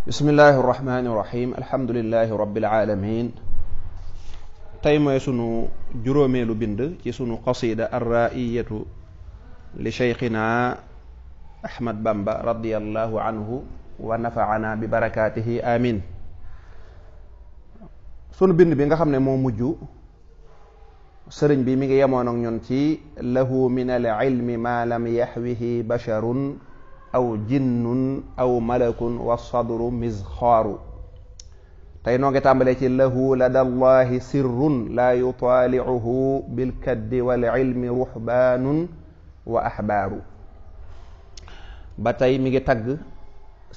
بسم الله الرحمن الرحيم الحمد لله رب mooy sunu juróomeelu bind ci sunu qasida arraiyatu li cheikhina ahmad bamba radiallahu anhu wa nafaana bi barakaatihi amin sunu bind bi nga xam ne moo mujj sëriñ bi mi ngi yemoon ak ñun ci lahu min al ilmi ma lam yaxwihi basharun aw jinnun aw malakun wa sadru mizxaaru tey noo ngi tàmbalee ci lahu lada allahi sirrun laa yutaalicuhu bilkaddi walilmi ruxbaanun wa axbaaru ba tey mi ngi tagg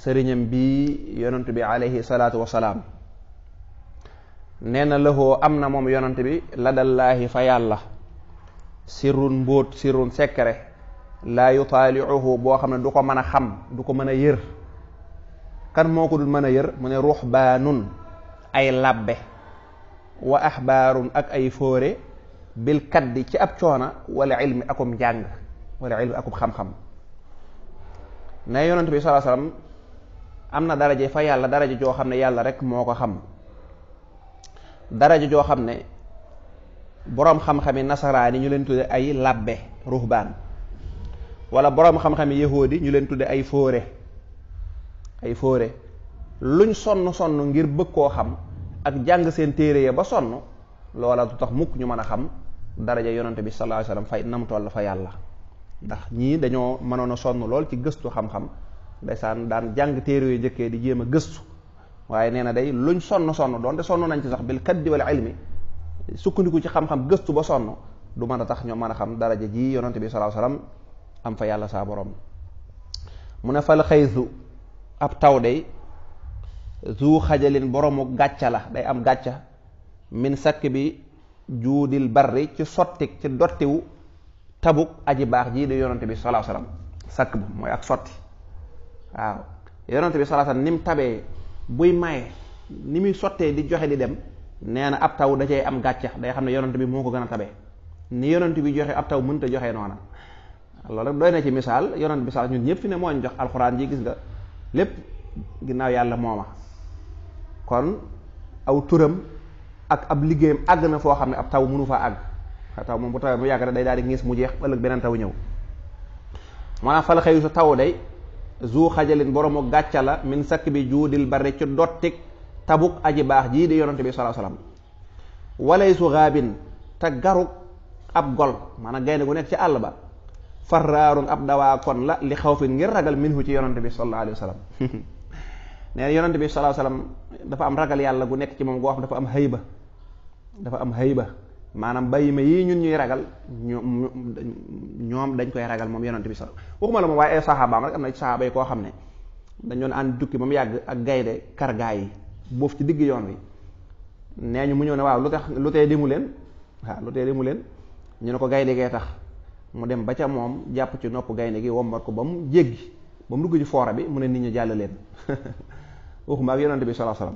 sëriñam bi yonent bi alayhi salaatu wasalaam nee na lahoo am na moom yonent bi ladallaahi fa yàlla sirrun mbóot sirrun sekkare laa yutaaliuhu boo xam ne du ko mën a xam du ko mën a yér kan moo ko dul mën a yër mu ne ruxbaanun ay làbbe wa axbaarun ak ay fóore bil kaddi ci ab coona wala ilmi akum njàng wala ilmi akum xam-xam ne yonent bi salaa salaam am na daraje fa yàlla daraje joo xam ne yàlla rek moo ko xam daraje joo xam ne boroom xam-xami nasaraani ñu leen tuddee ay labbe ruhbaan wala boroom xam-xam yi di ñu leen tudde ay fóore ay fóore luñ sonn sonn ngir bëgg koo xam ak jàng seen téere ya ba sonn loola du tax mukk ñu mën a xam daraja yonante bi sallallahu alayhi wasallam fay nam toll fa yàlla ndax ñii dañoo mënoon a sonn lool ci gëstu xam-xam ndeysaan daan jàng téere yu njëkkee di jéem a gëstu waaye nee na day luñ sonn sonn doonte sonn nañ ci sax bil kaddi wal ilmi sukkandiku ci xam-xam gëstu ba sonn du mën a tax ñoo mën a xam daraja ji yonante bi sallallahu alayhi wasallam am fa yàlla saa boroom mu ne fal xaysu ab taw day zu xajalin boroomu gàcca la day am gàcca min sakk bi juudil barri ci sotti ci dottiwu tabuk aji baax jii di yonante bi salaa salaam mooy ak sotti waaw yonante bi salaa salaam ni mu tabee buy maye ni muy sottee di joxe di dem nee na ab taw da cay am gàcca day xam ne yonante bi moo ko gën a tabee ni yonante bi joxe ab taw mënta joxe noona loolu rek doy na ci misaal yonent bi sax ñun ñëpp fi ne moo jox alxuraan ji gis nga lépp ginnaaw yàlla mooma kon aw turam ak ab liggéeyam àgg na foo xam ne ab taw munu faa àgg taw moom bu tawee mu yàgg rek day daal di ngis mu jeex ëllëg beneen taw ñëw maanaam fal xëyu sa taw day zu xajalin boroomu gàcca la min sakk bi juudil bari ci dottik tabuk aji baax jii di yonent bi sallallahu alayhi wasallam walay su xaabin te garuk ab gol maanaam gaynde gu nekk ci àll farraarun ab dawaa kon la li xaw fi ngir ragal minhu ci yonante bi sallallahu alayhi wa sallam nee na bi sallallahu alayhi dafa am ragal yàlla gu nekk ci moom goo xam dafa am hayba am hayba maanaam bàyyima yii ñun ñuy ragal ñoom dañ koy ragal moom yonante bi sallallahu alayhi wa sallam waxuma la moom am na ci saxaaba koo xam ne dañoon ànd tukki ba mu yàgg ak gaynde kargaay yi boof ci digg yoon wi nee ñu mu ñëw ne waaw lu tax lu tee mu leen waaw lu tee mu leen ñu ne ko gaynde gee tax mu dem ba ca moom jàpp ci nopp gaynde gi wombar ko ba mu jéggi ba mu dugg ci foora bi mu ne nit ñi jàll leen waxuma ak yonante bi sallallahu alayhi wasallam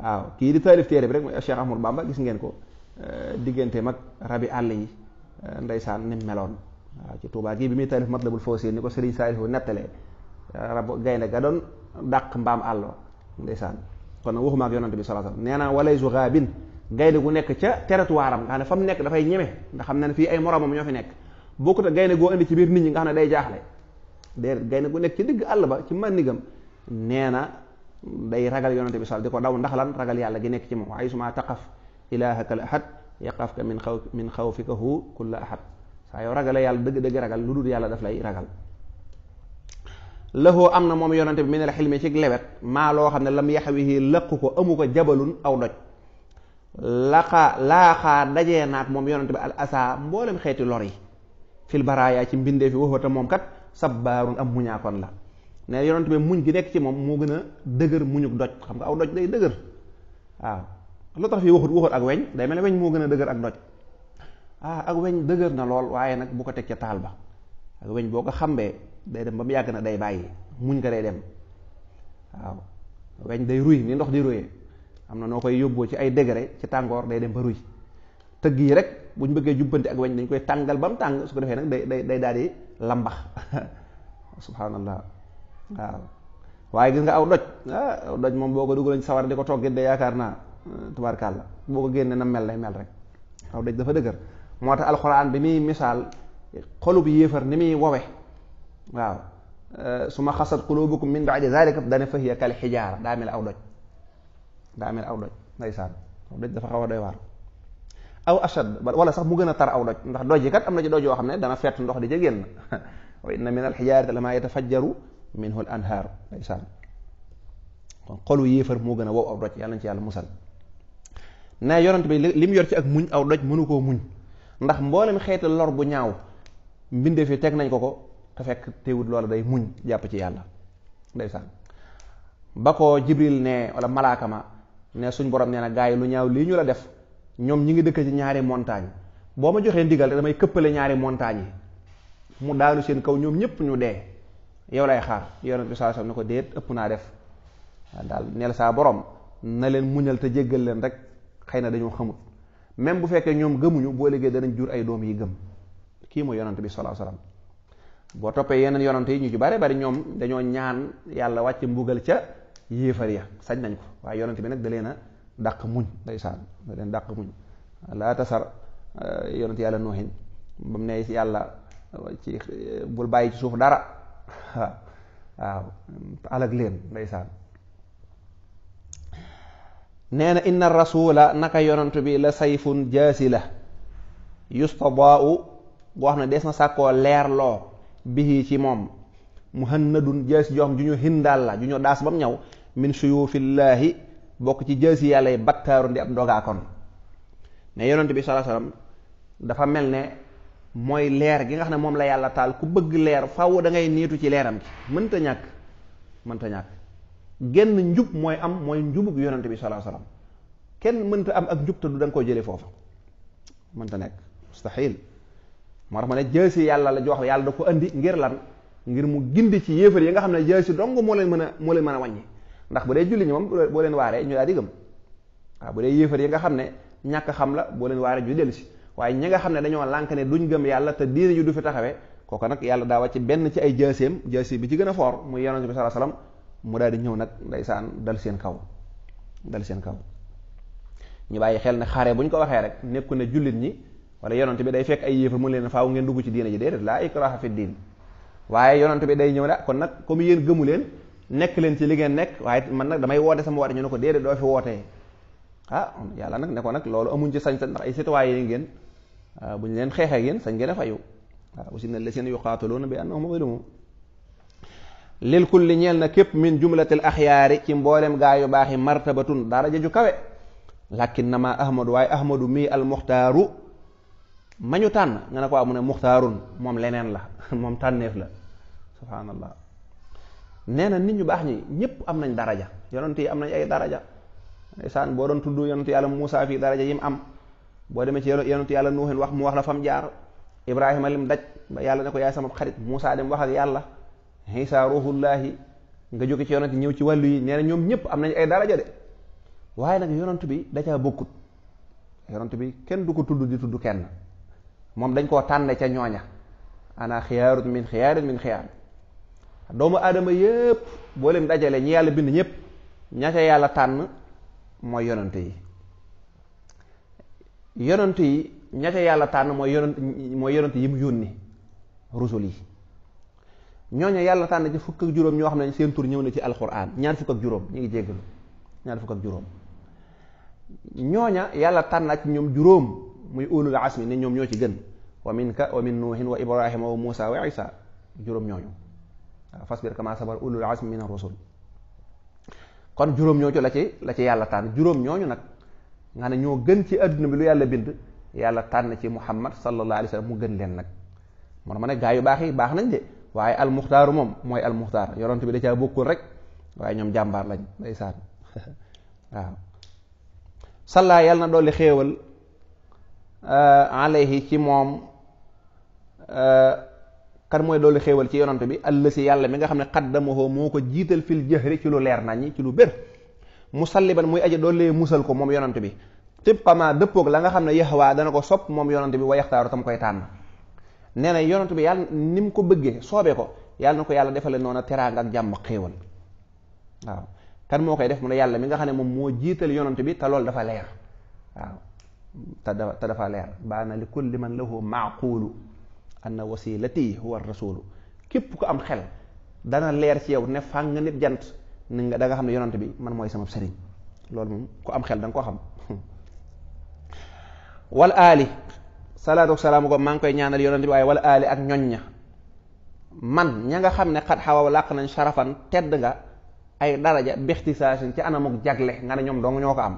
waaw kii di taalif téere bi rek Cheikh Bamba gis ngeen ko eh, diggante mag rabi àll yi eh, ndeysaan ni meloon waaw ci gii bi muy taalif Matlabul Fawzayni ni ko Sëriñ Saalihu nettalee eh, rab gaynde ga doon dàq mbaam àll ndeysaan kon waxuma ak yonante bi sallallahu alayhi wasallam nee naa walay joura bin gaynde gu nekk ca territoire am nga xam ne fa mu nekk dafay ñeme ndax xam ne ne fii ay moromam ñoo fi nekk bokkut ak gaynde goo indi ci biir nit ñi nga xam ne day jaaxle déedéet gaynde gu nekk ci digg àll ba ci màndigam nee na day ragal yonante bi sal di ko daw ndax lan ragal yàlla gi nekk ci moom ay suma taqaf ilaahaka al ahad yaqafka min xaw min xawfika hu kulla ahad saa yow ragale yàlla dëgg-dëgg ragal lu dul yàlla daf lay ragal lëxoo am na moom yonante bi mi ne la xilmi ci lewet maa loo xam ne lam yaxawihi lëqu ko amu ko jabalun aw doj laqaa laaxaa dajee moom yonante mboolem xeeti lor yi fil baraayaa ci mbindee fi waxoo te moom kat sabbaarun am muñaakoon la ne yonent bi muñ gi nekk ci moom moo gën a dëgër muñuk doj xam nga aw doj day dëgër waaw lu tax fii waxut weñ day mel ne weñ moo gën a dëgër ak doj ah ak weñ dëgër na lool waaye nag bu ko teg ca taal ba ak weñ boo ko xambee day dem ba mu na day bàyyi muñ ko dem waaw weñ day ruy ni ndox di ruyee am na noo koy yóbboo ci ay degré ci tàngoor day dem ba ruy tëgg yi rek bu ñu bëggee jubbanti ak weñ dañ koy tàngal bam mu tàng su ko defee nag day day day daal di lambax subhanallah waaw waaye gis nga aw doj ah aw doj moom boo ko dugaloon sawar di ko toggit de yaakaar naa eh, la boo ko génnee na mel lay mel rek aw doj dafa dëgër moo tax alxuraan bi muy misaal xolub yéefar ni muy wowe waaw eh, su ma xasat qulubukum min ba'di zalika dana fahiya kal xijaara daa mel aw doj daa mel aw doj ndeysaan aw doj dafa xaw a doy aw ashad wala sax mu gën a tar aw doj ndax doj yi kat am na ci doj yoo xam ne dana fett ndox di ca génn wa inna min alxijaarati lamaa yatafajjaru minhu al anhaar ndeysaan kon xolu yéefar moo gën a wow aw doj yàlla na ci yàlla musal ne yonent bi li mu yor ci ak muñ aw doj mënu koo muñ ndax mboolem xeeti lor bu ñaaw mbindeef yi teg nañ ko ko te fekk teewut loola day muñ jàpp ci yàlla ndeysaan ba ko jibril ne wala malaaka ma ne suñ borom nee na gaa lu ñaaw lii ñu la def ñoom ñi ngi dëkk ci ñaari montagne boo ma joxee ndigal damay këppale ñaari montagne yi mu daanu seen kaw ñoom ñëpp ñu dee yow lay xaar yonent bi saa ne ko déet ëpp naa def daal neel saa borom na leen muñal te jéggal leen rek xëy na dañoo xamut même bu fekkee ñoom gëmuñu boo liggéey danañ jur ay doom yi gëm kii mooy yonent bi sallallahu alayhi wasallam boo toppee yeneen yonante yi ñu ci bare bari ñoom dañoo ñaan yàlla wàcc mbugal ca yéefar ya sañ nañ ko waaye yonante bi nag da leen a dàq muñ ndeysaan da leen dàq muñ laa tasar eh, yonent yàlla nuuxin ba mu ne yàlla eh, ci eh, bul bàyyi ci suuf dara waaw alag leen ndeysaan nee na inna rasula naka yonent bi la sayfun jaasi la yustabaau boo xam ne des na sàkkoo leerloo bihi ci moom muhannadun jaasi joo ju ñu hindaal la ju ñu daas ba ñaw min suyufillaahi bokk ci jësi yàlla yi battaaru di ab ndogaa kon ne yonent bi sallallahu alayhi dafa mel ne mooy leer gi nga xam ne moom la yàlla taal ku bëgg leer faaw da ngay niitu ci leeram gi mënta ñàkk mënta ñàkk genn njub mooy am mooy njubug yonent bi sallallahu alayhi kenn mënta am ak njub te du da nga koo jëlee foofa mënta nekk mustahil moo tax ma ne jësi yàlla la jox yàlla da ko indi ngir lan ngir mu gindi ci yéefar yi nga xam ne jësi dong moo leen mën a moo leen mën a wàññi ndax bu dee julli ñi moom boo leen waaree ñu daal di gëm waaw bu dee yéefar yi nga xam ne ñàkk xam la boo leen waaree ju dellu si waaye ñi nga xam ne dañoo lànk ne duñ gëm yàlla te diine ju du fi taxawee kooku nag yàlla daa ci benn ci ay jaaseem jaase bi ci gën a foor muy yonent bi sallallahu alayhi wasallam mu daal di ñëw nag ndeysaan dal seen kaw dal seen kaw ñu bàyyi xel ne xare bu ñu ko waxee rek nekku ne jullit ñi wala yonent bi day fekk ay yéefar mu leen faaw ngeen dugg ci diine ji déedéet laa ikraha fi waaye yonent bi day ñëw ne ah, kon nag comme yéen gëmu leen nekk leen ci li ngeen nekk waaye man nag damay woote sama woote ñu ne ko déedéet doo fi wootee ah yàlla nag ne ko nag loolu amuñ ci sañ-sañ ndax ay citoyen yi ngeen ah, bu ñu leen xeexee ngeen sañ ngeen a fayu waaw ah, aussi na lasina yuqaataluuna bi annahum zulimu lil kulli képp min jumlatil axyaari ci mboolem gaa yu baax yi martabatun daraja ju kawe lakin nama ahmadu waaye ahmadu mii al ma ñu tànn nga ne ko waaw moom leneen la moom tànneef la subhaanallah nee na nit ñu baax ñi ñëpp am nañ daraja yonent yi am nañ ay daraja ndeysaan boo doon tudd yonent yàlla Muusa fii daraja yi mu am boo demee ci yonent yàlla Nuuhin wax mu wax la fam jaar Ibrahima lim daj ba yàlla ne ko yaay sama xarit Muusa dem wax ak yàlla Isa ruhullahi nga jóge ci yonent ñëw ci wàllu yi nee ñoom ñëpp am nañ ay daraja de waaye nag yonent bi dacaa bokkut yonent bi kenn du ko tudd di tudd kenn moom dañ koo tànne ca ñooña anaa xiyaaru min xiyaarin min xiyaar doomu aadama yépp boo leen dajale ñi yàlla bind ñépp ña ca yàlla tànn mooy yonante yi yonante yi ña ca yàlla tànn mooy yonant mooy yonante yi mu yónni rusul yi ñooñu yàlla tànn ci fukk ak juróom ñoo xam ne seen tur ñëw na ci alxuraan ñaar fukk ak juróom ñu ngi jéggalu ñaar fukk juróom ñooña yàlla tànn ak ñoom juróom muy ulul mi ne ñoom ñoo ci gën wa min ka wa min nuuhin wa ibrahima wa muusa wa isa juróom ñooñu waaw fasbir kama sabar ulul azmi min ar kon juróom ñooñu la ci la ci yàlla tànn juróom ñooñu nag nga ne ñoo gën ci adduna bi lu yàlla bind yàlla tànn ci muhammad sallallahu alayhi wa sallam mu gën leen nag ma ne yu baax yi baax nañ waaye almuxtaaru moom mooy almuxtaar yonent bi da caa bokkul rek waaye ñoom jàmbaar lañ ndeysaan waaw sallaa yàlla na dolli xéewal euh, alayhi ci moom euh, kan mooy doolu xéewal ci yonant bi allësi yàlla mi nga xam ne xaddamahoo moo ko jiital fil jëhri ci lu leer naññi ci lu bér musalliban muy aje doollee musal ko moom yonant bi tibqamaa dëppoog la nga xam ne yaxwaa dana ko sopp moom yonant bi wa yaxtaaru tam koy tànn nee na yonant bi yàlla ni mu ko bëggee soobee ko yàlla na ko yàlla defale noona teraanga ak jàmm xéewal waaw kan moo koy def mu ne yàlla mi nga xam ne moom moo jiital yonant bi te loolu dafa leer waaw te dafa leer baana li kulli man lahu maaqulu anna wasilati huwa rasulu képp ku am xel dana leer ci yow ne fàng nit jant ni nga da xam ne yonante bi man mooy sama sëriñ loolu moom ku am xel da nga koo xam wal aali salaatu salaamu ko maa ngi koy ñaanal yonante bi waaye wal aali ak ñoñ ña man ña nga xam ne xat xawaw làq nañ sarafan tedd nga ay daraja bixtisaasin ci ak jagle nga ne ñoom dong ñoo ko am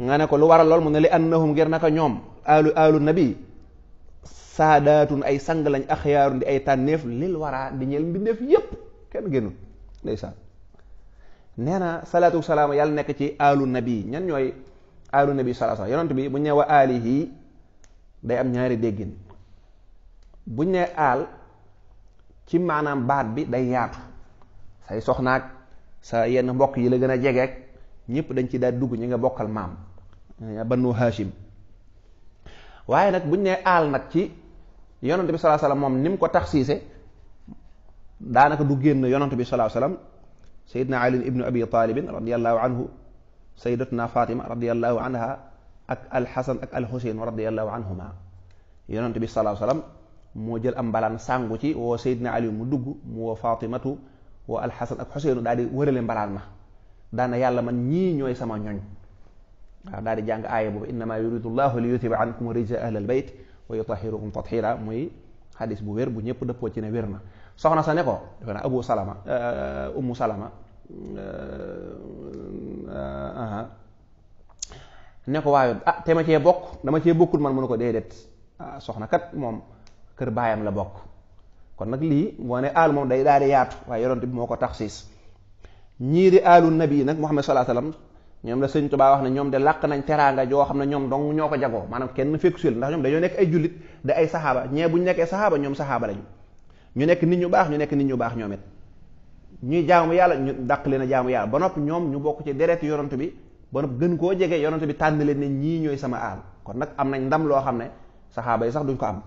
nga ne ko lu waral lool mu ne li annahum ngir naka ñoom aalu aalu nabi saadaatun ay sang lañ axyaarun di ay tànneef lil waraa di ñeel mbindeef yépp kenn génnul ndeysaan nee na salaatu salaama yàlla nekk ci alu nabi ñan ñooy alu nabi salaa salaam yonent bi bu ñëw wa aalihi day am ñaari déggin buñ ne aal ci maanaam baat bi day yaatu say sa yenn mbokk yi la gën a jegeek ñëpp dañ ci daal dugg ñi nga bokkal maam eh, banu hashim waaye nag buñ ne aal nag ci yonent bi sallallahu moom ni mu ko taxsiise daanaka du génn yonent bi sallallahu alayhi wasallam sayyidna ali ibnu abi taalibin radiallahu anhu sayyidatuna fatima radiallahu anha ak alxasan ak alxuseyn radiallahu anhuma yonent bi sallallahu alayhi wasallam moo jël am mbalaan sàngu ci woo sayyidna mu dugg mu woo fatimatu woo alxasan ak di wërale mbalaan ma daana yàlla man ñii ñooy sama ñoñ waaw daal di jàng aaya boobu innama yuridu llahu li yuthiba ankum rijsa ahlal bayt wa yutahirukum tathira muy xadis bu wér bu ñëpp dëppoo ci ne wér na soxna sa ne ko defe naa euh, euh, euh, uh-huh. ko waaye ah bokk dama cee bokkul man mënu ko déedéet ah, soxna kat moom kër baayam la bokk kon nag lii boo ne aal moom day daal di yaatu waaye yonent bi moo ko taxsiis ñii di aalu nabi nag Muhammad sallallahu alayhi ñoom la sëñ Tuubaa wax na ñoom de làq nañ teraanga joo xam ne ñoom dong ñoo ko jagoo maanaam kenn fekku si ndax ñoom dañoo nekk ay jullit de ay saxaaba ñee bu ñu nekkee saxaaba ñoom ñu nekk nit ñu baax ñu nekk nit ñu baax ñoom it jaamu yàlla ñu dàq leen a jaamu ba noppi ñoom ñu bokk ci deret yonent bi ba noppi koo jege yonent bi tànn leen ne ñii ñooy sama aal kon nag am nañ ndam loo xam ne saxaaba yi sax duñ ko am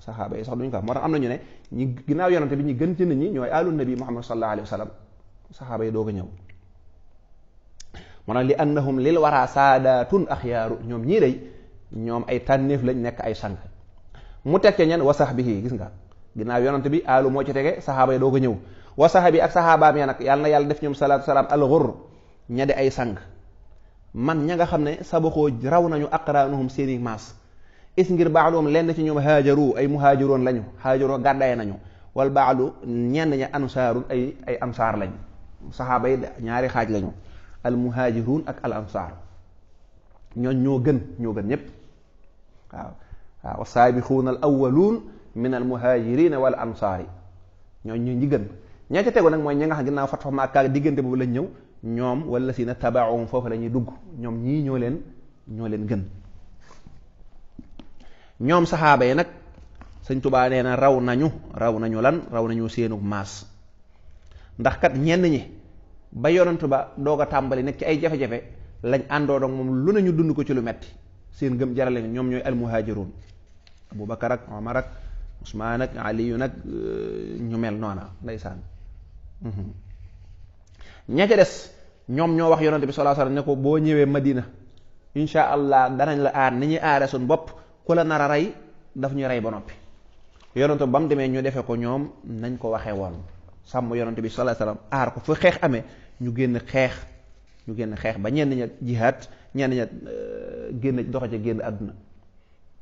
saxaaba yi sax duñ ko am moo tax am nañu ne ñi ginnaaw yonent bi ñu gën ci nit ñi ñooy aalu nabi Muhammad sallallahu alayhi wa sallam saxaaba yi doo ko ñëw mu ne li annahum lil wara saadaatun axyaaru ñoom ñii day ñoom ay tànneef lañu nekk ay sang mu tekke wasax bi sahbihi gis nga ginnaaw yonante bi aalu moo ci tege saxaaba yi doo ko ñëw wa bi ak saxaabaam ya nag yàlla na yàlla def ñoom salaatu salaam al ghurr ña ay sang man ña nga xam ne sabaxoo raw nañu aqraanuhum seeni maas is ngir baaluhum lenn ci ñoom haajaru ay muhaajiroon lañu haajaro gàddaay nañu wal baalu ñenn ña ansaarun ay ay ansaar lañu saxaaba yi ñaari xaaj lañu al muhaajiruun ak al ansaar ñooñ ñoo gën ñoo gën ñépp waaw waaw wasaabixuuna al awaluun min al muhaajiriina wal ansaari ñooñ ñu ñi gën ña ca tegu nag mooy ñi nga xam ginnaaw fatfa Makka diggante boobu lañ ñëw ñoom wala si na tabaawum foofu lañuy dugg ñoom ñii ñoo leen ñoo leen gën ñoom saxaaba yi nag sëñ Tubaa nee na raw nañu raw nañu lan raw nañu seenu maas ndax kat ñenn ñi ba yonantu ba doog a tàmbali nekk ci ay jafe-jafe lañ àndoo doog moom lu ñu dund ko ci lu metti seen gëm jarale ñoom ñooy almuhaajiruun abubakar ak omar ak usmaan ak aliyu nag euh, ñu mel noona ndeysaan mhm. ña ca des ñoom ñoo wax yonante bi sallallahu alayhi wasallam ne ko boo ñëwee madina insha allah danañ la aar ni ñuy aare suñ bopp ku la nar rey daf ñu rey ba noppi yonante ba mu demee ñu defe ko ñoom nañ ko waxee woon sàmm yonante bi sallallahu alayhi wasallam aar ko fu xeex amee ñu génn xeex ñu génn xeex ba ñenn ña jihaat ñenn ña euh, génn doxa ca génn àdduna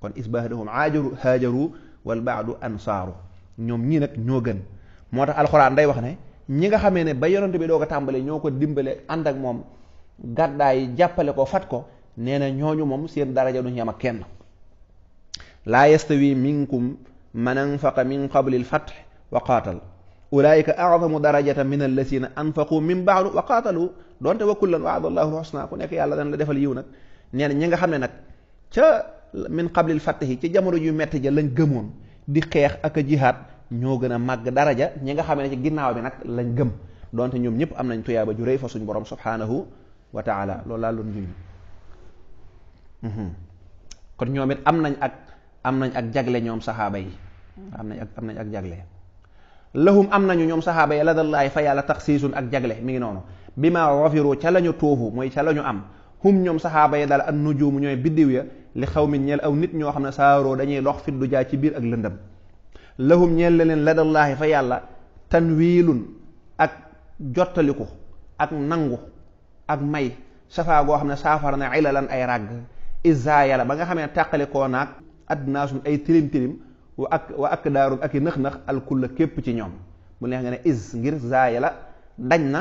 kon isbahdahum aajaru haajaru wal baadu ansaaru ñoom ñii nag ñoo gën moo tax alxuraan day wax ne ñi nga xamee ne ba yonante bi doo ko tàmbalee ñoo ko dimbale ànd ak moom gàddaay jàppale ko fat ko nee ñooñu moom seen daraja duñu yem kenn laa yastawi minkum man anfaqa min qabli al fath wa qaatal ulaayika a'zamu darajatan min allazina anfaqu min ba'du wa qaatalu donte wa kullan wa'ada allahu husna ku nekk yàlla dana la defal yiw nag nee na ñi nga xam ne nag ca min qablil fatihi ci jamono yu metti ja lañ gëmoon di xeex ak a jihaad ñoo gën a màgg daraja ñi nga xam ci ginnaaw bi nag lañ gëm donte ñoom ñëpp am nañ tuyaaba ju rëy fa suñ borom subhanahu wa taala loolu laa doon juñ mhm. kon ñoom it am nañ ak am nañ ak jagle ñoom saxaaba yi am nañ ak am nañ ak jagle lahum am nañu ñoom saxaaba ya ladallaahi fa yàlla taxsiisun ak jagle mi ngi noonu bi ma wafiru ca la ñu toofu mooy ca la ñu am hum ñoom saxaaba ya daal an nujuum ñooy biddiw ya li xaw mi ñeel aw nit ñoo xam ne saaroo dañuy dox fit du jaay ci biir ak lëndëm lahum ñeel la leen ladallaahi fa yàlla tanwiilun ak jottaliku ak nangu ak may safaa goo xam ne saafara na ilalan ay ràgg izaa yàlla ba nga xamee tàqalikoo naag addinaasum ay tilim tilim wa ak wa ak daarum ak i nëx-nëx alkulla képp ci ñoom mu neex nga ne is ngir zaaya la dañ na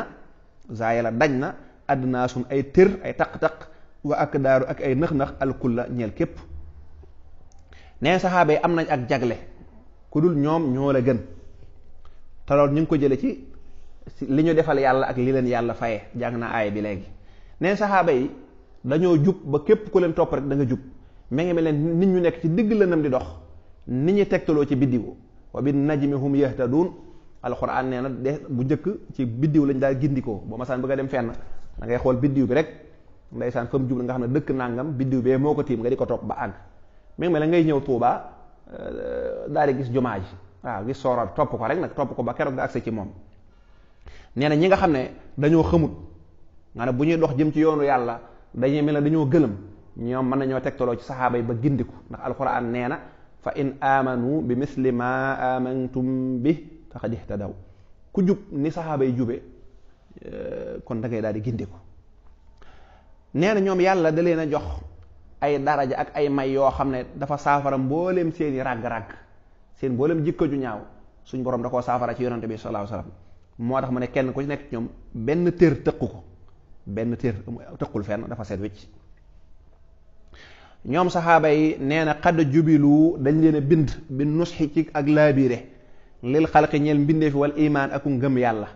zaaya la dañ na àdduna addnaasun ay tër ay taq-taq wa ak daaru ak ay nëx-nëx alkulla ñeel képp nee saxaaba yi am nañ ak jagle ku dul ñoom ñoo la gën te loolu ñu ngi ko jële ci li ñu defal yàlla ak li leen yàlla faye jàng na aaya bi léegi nee saxaaba yi dañoo jub ba képp ku leen topp rek da nga jub ma ngi leen nit ñu nekk ci digg lëndëm di dox ni ñu tegtaloo ci biddiw wa bin najmi hum yahtadun alxuraan nee na de bu njëkk ci biddiw lañ daal gindikoo boo masaan bëgg a dem fenn da ngay xool biddiw bi rek ndaysaan fa mu jublu nga xam ne dëkk nàngam biddiw moo ko tiim nga di ko topp ba àgg mi ngi ngay ñëw Tuubaa euh, daal di gis jumaa ji waaw gis soora bi ko rek nag topp ko ba keroog nga agsi ci moom nee ñi nga xam ne dañoo xamut nga ne bu ñuy dox jëm ci yoonu yàlla dañuy mel ne dañoo gëlëm ñoom mën nañoo tegtaloo ci saxaaba yi ba gindiku ndax alxuraan nee na fa in amanu bi misli amantum bi faqad daw ku jub ni saxaaba jube euh, kon da daal di gindiku nee na ñoom yàlla da leen a jox ay daraja ak ay may yoo xam ne dafa saafara mboolem seeni ràgg-ràgg seen mbooleem jikko ju ñaaw suñ borom da koo saafara ci yonante bi sallallahu alayhi moo tax mu ne kenn ku ci nekk ñoom benn téer tëq ko benn téer tëqul fenn dafa seet wicc ñoom saxaaba yi nee na xadda jubilu dañ leen a bind bi nusxi ci ak laabiire lil xalqi ñeel mbindeef wal imaan ak ngëm yàlla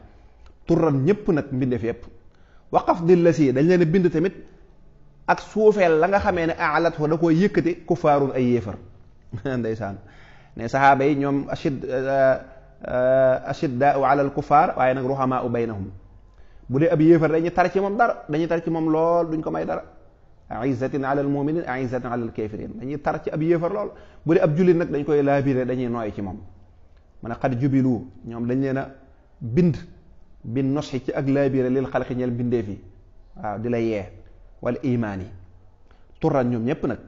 turan ñépp nag mbindeef yépp waqaf di la dañ leen bind tamit ak suufeel la nga xamee ne alat fa da koo yëkkati kufaarun ay yéefar ndeysaan ne saxaaba yi ñoom ashid eh, eh, ashiddaau ala al kufaar waaye nag ruhamaa u baynahum bu dee ab yéefar dañuy tar ci moom dara dañuy tar ci moom lool duñ ko may dara aizatin ala al muminin aizatin ala al kafirin dañuy tar ci ab yéefar nooy ci moom mu ne xat jubilu ñoom dañ leen a bind bi nosi ci ak laabiré lil xalqi ñeel mbindeef yi waaw di la yee wala imaan yi turan ñoom ñëpp nag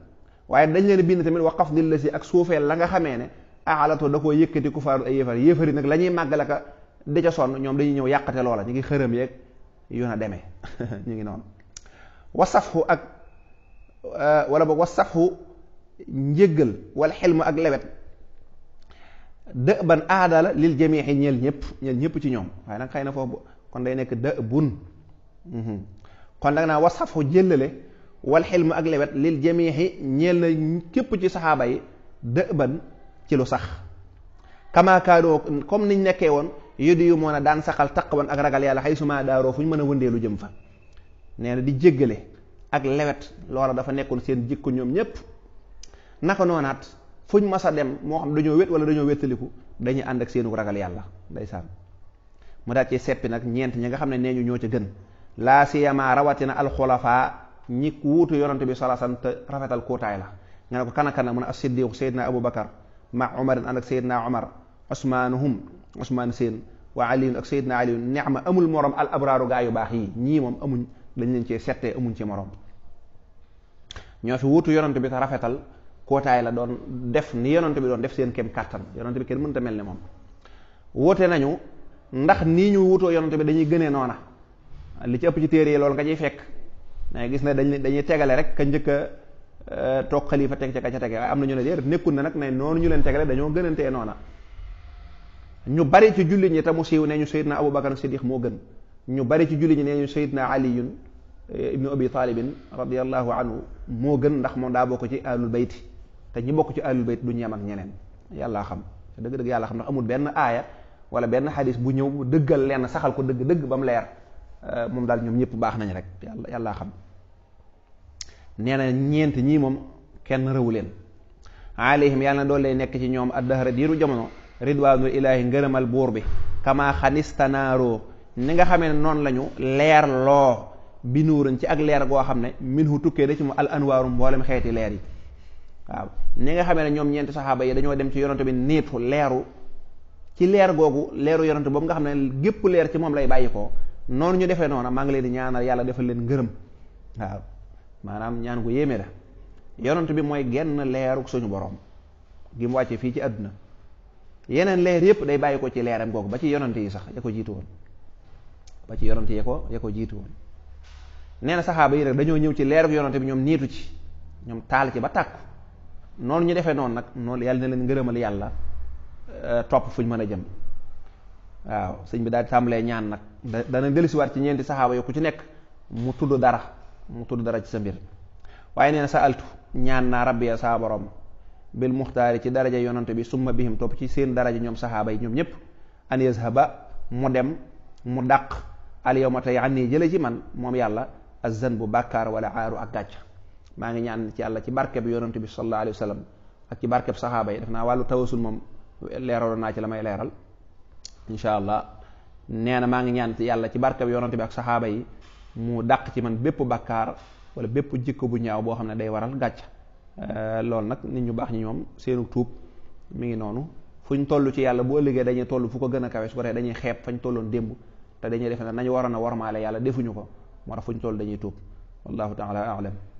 waaye dañ leen bind tamit waqaf dil la si ak suufee la xamee ne aalato da koo yëkkati ku faaru ay yéefar yéefar yi nag lañuy màgg màggale ka da ca sonn ñoom dañuy ñëw yàqate loola ñu ngi xërëm yeeg yoon a demee ñu ngi noonu wasafhu ak Euh, wala boog wasafu njëggal wala xelmu ak lewet dë ban aada la lil jamiixi ñeel ñëpp ñeel ñëpp ci ñoom waaye nag xëy na foofu kon day nekk dë bun mhm. kon naa nga naa wasafu jëllale wal xelmu ak lewet lil jamiixi ñeel na képp ci saxaaba yi dë ban ci lu sax kamaakaadoo comme niñ nekkee woon yuddi yu moon a daan saxal taqwan ak ragal yàlla xay suma daaroo fu ñu mën a wëndeelu jëm fa nee na di jéggale ak lewet loola dafa nekkoon seen jikko ñoom ñëpp naka noonaat fuñ ma a dem moo xam dañoo wét wala dañoo wétaliku dañuy ànd ak seenu ragal yàlla ndeysaan mu daal ci seppi nag ñeent ñi nga xam ne nee ñu ñoo ca gën laa siyama rawatina alxulafaa ñi wuutu yonante bi sallallahu alayhi wasallam kootaay la nga ne ko a siddiq sayyidina abu bakar ma umar ànd ak sayyidina umar usmaan hum usmaan seen waa aliyun ak sayyidina aliyun neex ma al baax yi ñii amuñ dañ leen cee settee amuñ ci morom ñoo fi wuutu yonent bi te rafetal kootaay la doon def ni yonent bi doon def seen kem kàttan yonent bi kenn mënta mel ne moom wuute nañu ndax nii ñu wuutoo yonent bi dañuy gënee noona li ci ëpp ci téere yi loolu nga ciy fekk dangay gis ne dañ dañuy tegale rek ka njëkk a euh, toog xalifa teg ca ka ca tege waaye am na ñu ne déet nekkul ne nag ne noonu ñu leen tegale dañoo gënantee noona ñu bari ci julli ñi te mu siiw ne ñu Seydina Abubakar Siddiq moo gën ñu bari ci jullit ñi ne ñu Seydina Aliyun ibnu abi taalibin radiallahu anhu moo gën ndax moom daa bokk ci alul bayti te ñi bokk ci alul bayt duñu yem ak ñeneen yàlla xam dëgg-dëgg yàlla xam ndax amul benn aaya wala benn xadis bu ñëw bu dëggal lenn saxal ko dëgg-dëgg ba mu leer euh, moom daal ñoom ñëpp baax nañ rek yàlla yàllaa xam nee na ñeent ñii moom kenn rëwu leen alayhim yàlla na dool lay nekk ci ñoom addahra diiru jamono ridwaanul ilaahi ngërëmal buur bi kamaa xanis tanaaroo ni nga xamee ne noonu lañu leer loo bi nuuruñ ci ak leer goo xam ne minhu tukkee da ci mu al anwaaru mboolem xeeti leer yi waaw ñi nga xamee ne ñoom ñeenti saxaaba yi dañoo dem ci yonante bi niitu leeru ci leer googu leeru yonante boobu nga xam ne gépp leer ci moom lay bàyyi ko ñu defee noona maa ngi leen di ñaanal yàlla defal leen ngërëm waaw ñaan gu yéeme la bi mooy genn leeruk suñu borom gi mu wàcce fii ci àdduna yeneen leer yëpp day bàyyi ko ci leeram googu ba ci yonante yi sax ya ko jiitu woon ba ci yonante ya ko ya ko jiitu woon nee na saxaaba yi nag dañoo ñëw ci leerug yonante bi ñoom niitu ci ñoom taal ci ba tàkku noonu ñu defee noonu nag noonu yàlla na leen ngërëmal yàlla euh, topp fu ñu mën a jëm waaw sëñ bi daal tàmbalee ñaan nag da dana dellusiwaat ci ñeenti saxaaba yi ku ci nekk mu tudd dara mu tudd dara ci sa mbir waaye nee na sa altu ñaan naa rabbi ya saa borom bil muxtaari ci daraja yonante bi summa bihim topp ci seen daraja ñoom saxaaba yi ñoom ñëpp an ba mu dem mu dàq al yawma tey ci man moom yàlla azan bu bàkkaar wala aaru ak gàcc maa ngi ñaan ci yàlla ci barkeb yonante bi sallallahu alayhi wa sallam ak ci barkeb saxaaba yi def naa wàllu tawasul moom leeraloon naa ci la may leeral incha allah nee na maa ngi ñaan ci yàlla ci barkeb yonante bi ak saxaaba yi mu daq ci man bépp bàkkaar wala bépp jikko bu ñaaw boo xam ne day waral gàcc euh, loolu nag nit ñu baax ñi ñoom seenu tuub mu ngi noonu fu ñu tollu ci yàlla boo ëllëgee dañuy toll fu ko gën a kawe su ko dañuy xeeb fañ tolloon démb te dañuy defe ne nañu waroon a wormaale yàlla defuñu ko moo tax fu ñu toll dañuy tuub wallahu taala alam